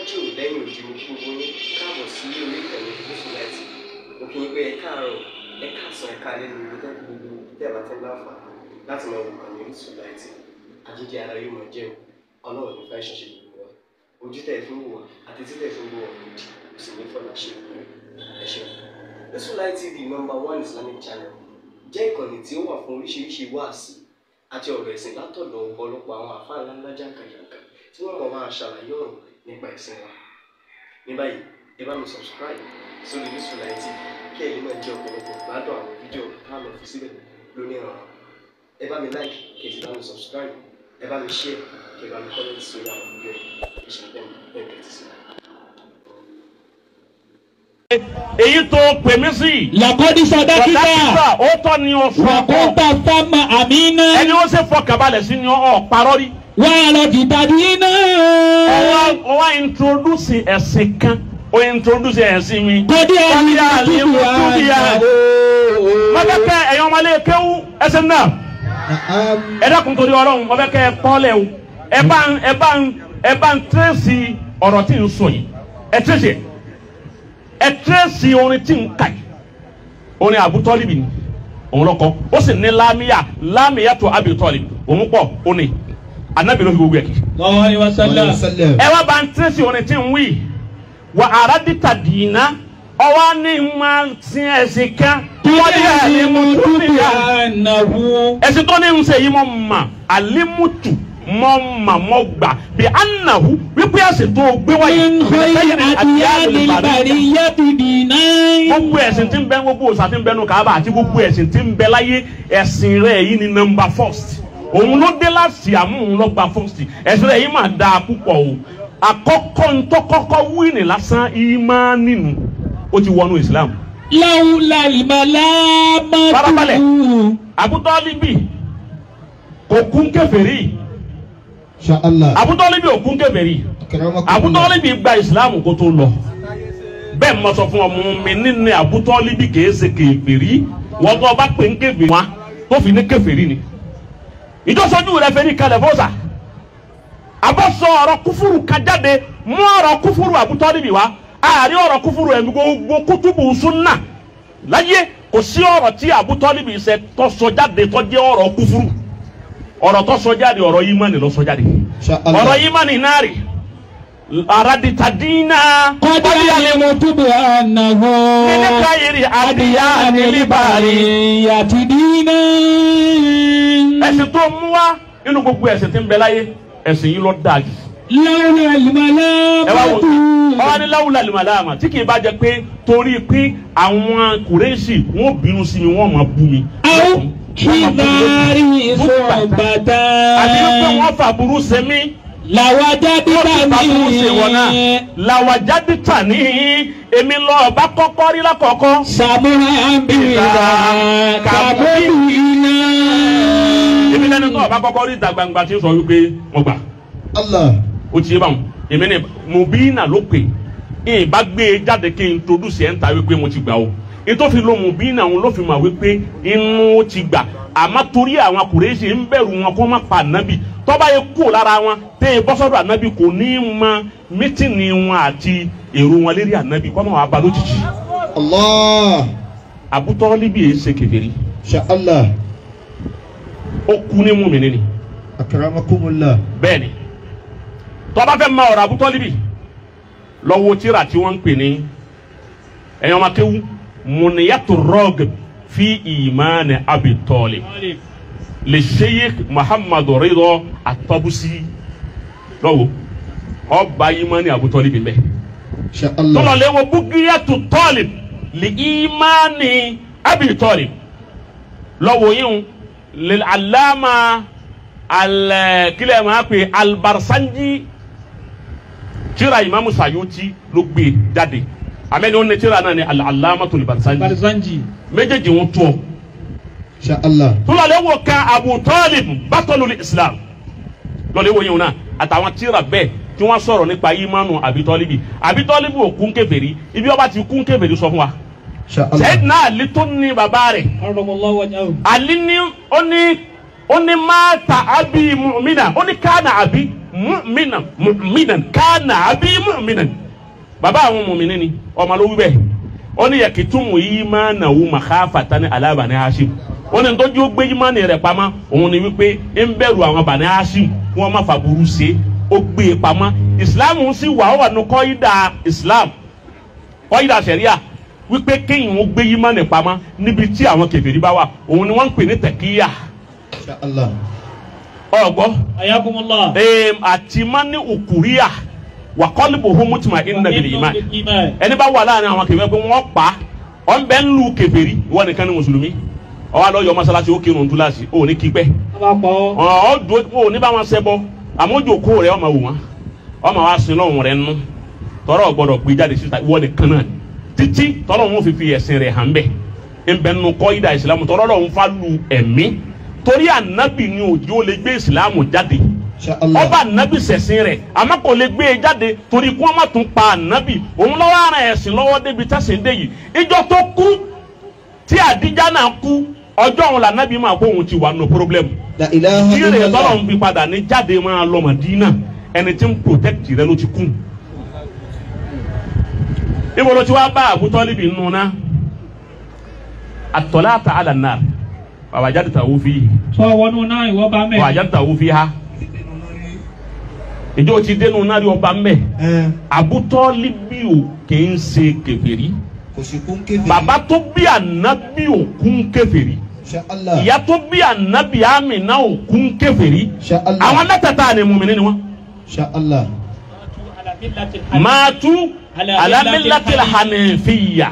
níwájú lẹ́yìn òdi gbogbo yín káàbọ̀ sí orí ìtẹ̀wé gúúsù láti òkè pé ẹ káàárọ̀ ẹ káàsán ẹ káàlẹ́ lórí tẹ́tí gbogbo tẹ́ tẹ́ bá fà láti máa wò kàn ní Orísun láti ara yóò máa jẹun ọlọ́run nípa ìṣọ̀ṣe gbogbo wa ojú tẹ̀ fún wa àti títẹ̀ fún wa òdì kò ní fọlá ṣe ẹ ṣeun. Orísun TV number one Islamic channel jẹ́ ìkànnì tí ó wà fún oríṣiríṣi wáàsí àti ọ̀rọ̀ ẹ̀sìn látọ̀dọ̀ ọ̀pọ̀lọpọ̀ àwọn àfáà ńláńlá jákàjàkà tí wọ́n mọ̀ máa ṣàlàyé ọ̀rọ̀ nípa ẹ̀sìn wa ní báyìí ẹ bá mi subscribe sórí Yusuf9 kí ẹ̀yin máa jẹ ọ̀pọ̀lọpọ̀ gbádùn àwọn fídíò tá a lọ lónìí ọ̀ràn ẹ bá mi like kí ẹ sì bá mi subscribe ẹ bá mi share kí ẹ bá mi comment sórí àwọn fídíò ìṣẹ̀lẹ̀ bẹ́ẹ̀ bẹ́ẹ̀ ti sọ̀rọ̀ èyí tó pè mí sí. làkọ́dí sadakita sadakita ó tọ́ ni o sọ. wàkúntà fáma àmì iná. ẹni ó ṣe fọkàbalẹ̀ sí ni ọ̀ parọ́ rí wàhálà kìtàbí náà. ó wá introduce ẹ̀sìn kan ó introduce ẹ̀sìn mi. kọ́dí ẹni tuntun wa náà. mọ́tẹ́kẹ́ ẹ̀yin ọmọlé kéwú ẹsẹ̀ náà ẹ dákun torí ọlọ́run ọbẹ̀ kẹ́ ẹ pọ́lẹ̀ o ẹ bá ń ẹ bá ń ẹ bá ń tírèsì ọ̀rọ̀ tí ń sọ yìí ẹ tírèsì ẹ ẹ tírèsì orin tí ń kà yìí orin àbútọ́líbì ni òun lọ́kọ́ ó sì ní lámìyà lámìyà tó àbí tọ́líbì òun pọ̀ ó anabi ló fi gbogbo ẹ kì. ẹ wá bá ń tẹ́ sí orin tí ń wí wà á dìtà dìínà ọwọ́ ní máa sin ẹ̀sìn kan wọ́n ní àlímùtù nìyà ẹ̀sìn tó ní ń ṣe yìí mọ̀ mà àlímùtù mọ̀ mà mọ̀ gbà bí ànàhù wípé ẹ̀sìn tó gbé wáyé ẹ̀sìn àdìyàlè bàrí yẹ́tù dìínà. gbogbo ẹ̀sìn tí ń bẹ gbogbo òsà tí ń bẹ nù Káàbà àti gbogbo ẹ̀sìn tí ń bẹ láyé ẹ̀sìn rẹ̀ yìí ni number first òun ló dé láti àmú òun lọ gba fọ́ọ̀sì ẹ̀sìn ẹ̀yìn máa dáa púpọ̀ o àkọ́kọ́ ntọ́kọ́kọ́ wíìnì lásán ìmánì nù ó ti wọnú Islam. lẹ́hùn làlìmọ́lá máa dùn. farabalẹ̀ abutọ́líbì kò kún kèfèrí. abutọ́líbì ò kún kèfèrí. abutọ́líbì gba Islam kó tó lọ bẹ́ẹ̀ mọ sọ fún ọmọ mi nínú abutọ́líbì kèése kèfèrí wọ́n tó bá pè ń kèfèrí wọn tó fi ní kèfèrí ni ìjọsọjú rẹ fẹ́ ní kalẹ̀ fọ́sà àbọ̀sọ ọ̀rọ̀ kúfúrú kájáde mú ọ̀rọ̀ kúfúrú àbútọ́ níbi wá àárín ọ̀rọ̀ kúfúrú ẹ̀mí gbogbo kútùbù súnà láyé kò sí ọ̀rọ̀ tí àbútọ́ níbi ìṣẹ́ tó sọ jáde tó kúfúrú ọ̀rọ̀ tó sọ yimani ló sọ yimani náà rèé aradita diina. kọ́dí alimu tubu anahu. nínú káyìrì adiya nílíbàárì. yàtí diina. ẹ̀sìn tó mú wa inú gbogbo ẹ̀sìn tí ń bẹ láyé ẹ̀sìn yìí ló dáa jù. lawla limalama. ẹ wá wò ó ní lawla limalama tí kì í bá jẹ pé torí pé àwọn kùrẹ́sì wọn bínú sí mi wọn máa bú mi. àwọn kí n bá rí sọ̀bàtà. àbí wọ́n fà burú sẹ́mi làwàjádìtà ní. làwàjádìtà ní èmi lọ bá kọ́kọ́ rí lákọ̀ọ́kọ́. sàmúhà ń bìrà kàbóyù iná. èmi lẹ́nu tó bá kọ́kọ́ rí ìta gbangba tí ń sọ wípé mo gbà. Allah. o ti yé báwọn èmi ní mo bí iná ló ìbá gbé e jáde kí n introduce ẹ̀ ń ta wípé mo ti gbà o nítorí ló mú bí náà ló fi mọ̀ wípé inú ti gbà àmọ́ torí àwọn kùrẹ́sì ń bẹ̀rù wọn kó má pa nábì tọ́ba yẹ kú lára wọn tẹ́yìn bọ́sọ́dọ̀ ànábì kò ní í mọ mítìnì wọn àti èrò wọn lérí ànábì kọ́mọ wọn abaló jìjì. Allah. Abu Talibi yìí ṣe kèfèrí. Sha'Allah. ó kú ní ni. Akramakumullah. bẹ́ẹ̀ni tọ́ba fẹ́ ma ọ̀rọ̀ Abu Talibi lọ́wọ́ tíra tí wọ́n ń pè ní ẹ̀yọ́n mùnìyàtò rọ́ọ̀gì fi ìmánì Abi le sheikh muhammadu ridọ atabusi lọ́wọ́ ọba imani abutọli bi bẹ tọlọlẹ wo bugiyatu tọlib li imani abi tọlib lọ́wọ́ yiw lil alama al kile ma pe albarsanji tírà imamu sayuti ló gbé jáde amẹni o ne tírà náà ni al alama tolibarsanji méjèèjì ń tula le wo kan abu talib batolul islam lọlẹ wo yẹn na àtàwọn tíra bẹ́ẹ̀ tí wọ́n sọ̀rọ̀ nípa imanu abitọlibi abitọlibi ò kún kébèrè ibi ọba ti kún kébèrè sọ fún wa sẹyidina ali tó ní bàbá rẹ̀ ali ní ó ní ó ní máa abi mu'mina ó ní kánà abi mu'mina mu'mina kánà abi mu'mina bàbá àwọn mu'mini ni ọmọ ó ní yakitu mu imanawu makhafatani ala bani hashim wọ́n ní tọ́jú gbé ìmánì rẹ̀ pamọ́ òun ni wípé ń bẹ̀rù àwọn bàní aṣíw kí wọ́n má fàbùrù ṣe ó gbé e pamọ́ islam sì wà ó wà ní kọ́ídà islam kọ́ídà sẹ̀ríà wípé kéèyàn ó gbé ìmánì pamọ́ níbi tí àwọn kèfèrí bá wà òun ni wọ́n ń pè ní tẹ̀kíyà. ọgbọ àti mani òkúríà wà kọ́líbù homutima ìnàbìlì ìmán ẹni bá wà láàrin àwọn kèfèrí pé wọ́n pa ọ̀ ń bẹ́ẹ̀ ń lu kèfèrí ìwọ nìkan ni mùsùlùmí. ọwọ́ àlọ́ yọ masalasi ó kírun dúláàsì si ní kípẹ́ ọ̀ ọ́ ní bá wọn ọmọ wò wọn ọmọ wa sin ọ rẹ̀ nù tọrọ ma gbé jáde síta ìwọ nìkan títí tọrọ wọn fi fi ẹ̀sìn rẹ̀ hàn bẹ́ẹ̀ nbẹ̀nu tọrọ lọ́hùn torí ni lè gbé jáde ọba lè gbé e jáde torí tún pa òun lọ́wọ́ ọjọ́ òun là nábì máa kó òun ti wà nù problem. tíyẹn lè tọ́lọ̀ ń fi padà ní jáde máa lọ Màdínà ẹni tí ń protect rẹ ló ti kú. ibo ló ti wá bá Abu Talib nù ná àtọ̀lá ta àlà náà bàbá jáde tàwọn fi. sọ wọnú náà ìwọ bá mẹ. bàbá jáde tàwọn ha ìjọ ti dénú náà rí ọba mbẹ Abu Talib o kì í ṣe kèfèrí bàbá tó bí ànábì òkú ń kèfèrí ìyá tó bí ànábì àmì náà ò kún kèfèrí àwọn alátàtà ni mùmìnì ni wọn. màtú alámìlátì hanefiya,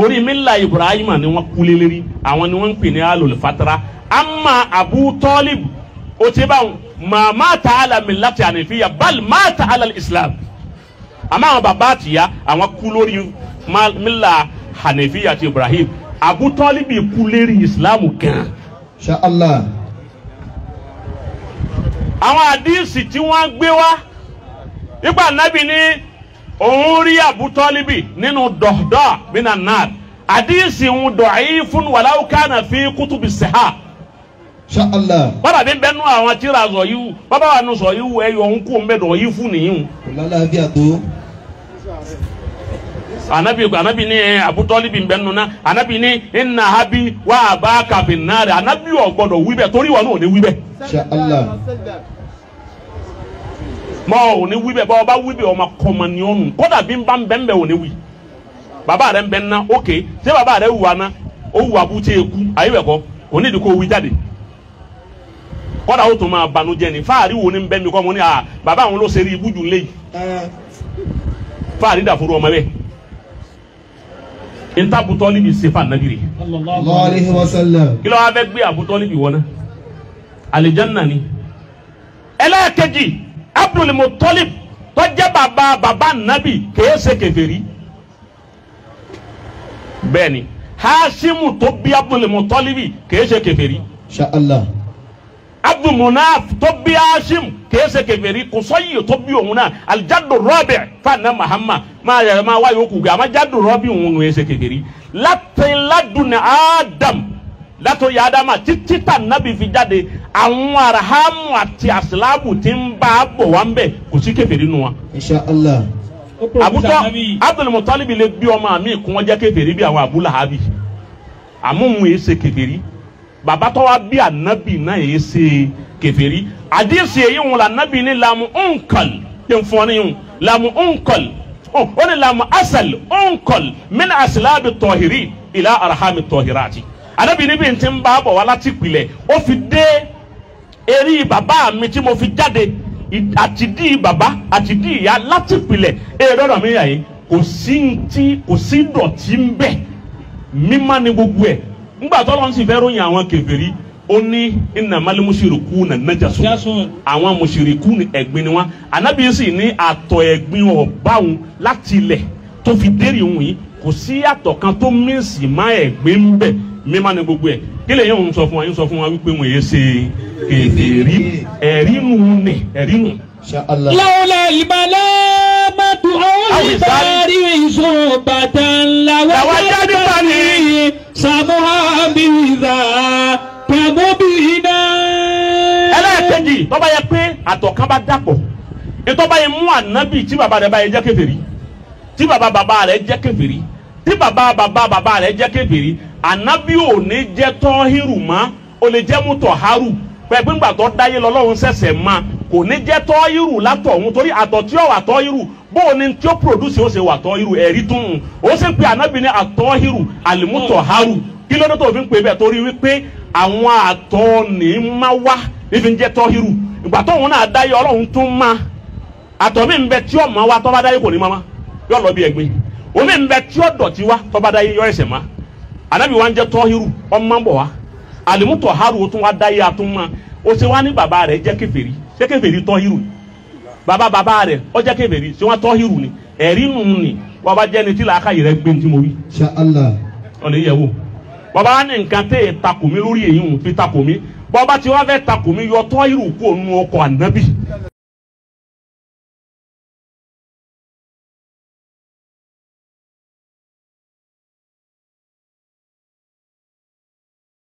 orí mila Ibrahim ni wọn kú lélẹ́rí àwọn ni wọn ń pè ní alòlùfàtàrà àmà Abu Tolib ó ti bá wọn màmá ta alámìlátì hànẹ́fìyà bal má ta alàlẹ́ Islam àmà àwọn bàbá àtìyá àwọn kú lórí mílà hànẹ́fìyà ti Ibrahim. Abu Tọ́líbì kú lérí ìsìláàmù gan. Inshallah. àwọn àdíìsì tí wọ́n gbé wá nígbà nábì ní òun rí Abu Tọ́líbì nínú dọ̀dọ̀ bínà náà àdíìsì ń da'ifun walau kana fi kutubi sihah. Inshallah. bàbá mi bẹ́ẹ̀ nú àwọn tíra zọ̀ yìí bàbá wa nù zọ̀ yìí ẹ̀yọ̀ ń kú ń bẹ́ẹ̀ dọ̀ yìí fún nìyí. kò lálẹ́ àbí àtó anabi anabi ni ẹ abutọli bi bẹ nuna anabi ni ina habi wa aba kabi naare anabi yọ gbọ́dọ̀ wí bẹ́ẹ̀ torí wa n'o ni wí bẹ́ẹ̀. o ni wí bẹ́ẹ̀ bọ ọba wí bẹ́ẹ̀ ọma kọmaniọnu kódà bí n o ni wí baba rẹ̀ bẹ n na ok baba rẹ̀ wù ana o wù abutẹ eku ayi bẹ kọ o ní ìdí kò wí jáde kódà o tún máa banújẹ́ ni wo ni bẹ mi kọ mo ni a ah, baba àwọn ló ṣe rí ibú jù lé yìí fáàrí dàfuru ọmọ nta abutọli bi sefa nabiri. lọọrihi wasalam. kí ló wá fẹ́ gbé abutọli bi wọná alijanna ni. ẹlẹ́ẹ̀kejì Abdul Muttalib tó jẹ́ bàbá bàbá nabi kèé ṣe kèfèrí. bẹ́ẹ̀ni Hashimu tó bí Abdul Muttalib kèé ṣe kèfèrí. Insha Allah. Abdul Munaf tó bí kèése kèfèrí kò sọ́yìí tó bí òun náà alijadu rọ́bì fana mahama máa yẹ máa wáyé okùn gà amajadu rọ́bì òun kèése kèfèrí láti ládùnà ádám látò yà ádámà títí tà nábì fi jáde àwọn arahamu àti asilamu ti ń bá a bọ̀ wá ń bẹ̀ kò sí kèfèrí nu wa. insha Allah. àbútọ́ abdulmutalibi lè bí mi kún ọjọ́ kèfèrí bí àwọn abúlahabi àmúhùn èsè kèfèrí bàbá tó bi bí ànábì náà yìí ṣe kèfèrí àdìsí èyí wọn la ànábì ní làmú ònkọl yẹn fún ọ ní yìí làmú ònkọl asal ònkọl min asilabi tọ̀hìrì ila arahami tọ̀hìràtì ànábì níbi ntí ń bá bọ̀ wá láti pilẹ̀ ó fi dé eré bàbá mi tí mo fi jáde àti dí bàbá àti dí ìyá láti pilẹ̀ èrè ọ̀rọ̀ mi yà yìí kò sí ntí kò sí dọ̀tí ń bẹ mímá ni gbogbo ẹ̀ ńgbà tọ́lọ́ ń sì fẹ́ ròyìn àwọn kèfèrí ó ní ìnàmálẹ̀ mùsùlùkù nà nàjàsó àwọn mùsùlùkù ẹ̀gbin ni wọn ànábì sì ní àtọ̀ ẹ̀gbin ọ̀báwọn láti ilẹ̀ tó fi dérì òun yìí kò sí àtọ̀ kan tó mísì má ẹ̀gbin ń bẹ̀ mímá ni gbogbo ẹ̀ kílẹ̀ yẹn òun sọ fún wa yín sọ fún wa wípé wọn yé ṣe kèfèrí ẹ̀rínù nì ẹ̀rínù. lọ́wọ́lá ìbálá mọ́tò àwọn ìbárí ìṣòro bàtà ńlá wájú bá ní sàmúhà bí ìdá tẹ̀mú bí iná. ẹlẹ́ẹ̀kejì tó bá yẹ pé àtọ̀ kan bá dàpọ̀ ètò bá yẹ mú ànábì tí bàbá rẹ̀ bá yẹ jẹ́ kèfèrí tí bàbá bàbá rẹ̀ jẹ́ kèfèrí tí bàbá bàbá bàbá rẹ̀ jẹ́ kèfèrí ànábì ò ní jẹ́ tọ́hírù mọ́ ó lè jẹ́ mùtọ̀hárù pẹ̀gbẹ́ngbà tó dáyé lọ́lọ́run ṣẹ̀ṣẹ̀ mọ́ kò ní jẹ́ tọ́hírù látọ̀hún torí àtọ̀ tí ó wà bóun ni tí ó produce ó ṣe wà tọ́ irú ẹ̀rí tún un ó sì pe ànábì ní àtọ́ irú àlìmútọ̀ haru kí tó fi ń pè bẹ́ẹ̀ torí wípé àwọn àtọ́ ní má wá nífi ń jẹ́ ìgbà náà dáyé ọlọ́run tún wa ń jẹ́ tọ́ irú ọmọ bọ̀ wá àlìmútọ̀ haru tún wá dáyé atún má ó ṣe wá ní bàbá rẹ̀ jẹ́ kèfèrí ṣé tọ́ irú yìí baba baba re ó jẹ́ ṣé ni ẹ̀rí nù ni bàbá jẹ́ ni tí làákàyè rẹ̀ gbé tí mo wí. Insha ọ̀nà ìyẹ̀wò bàbá ní nǹkan tẹ̀ takò mí lórí èyí fi bàbá tí wọ́n fẹ́ yọ tọ́ hírù kó nu ọkọ̀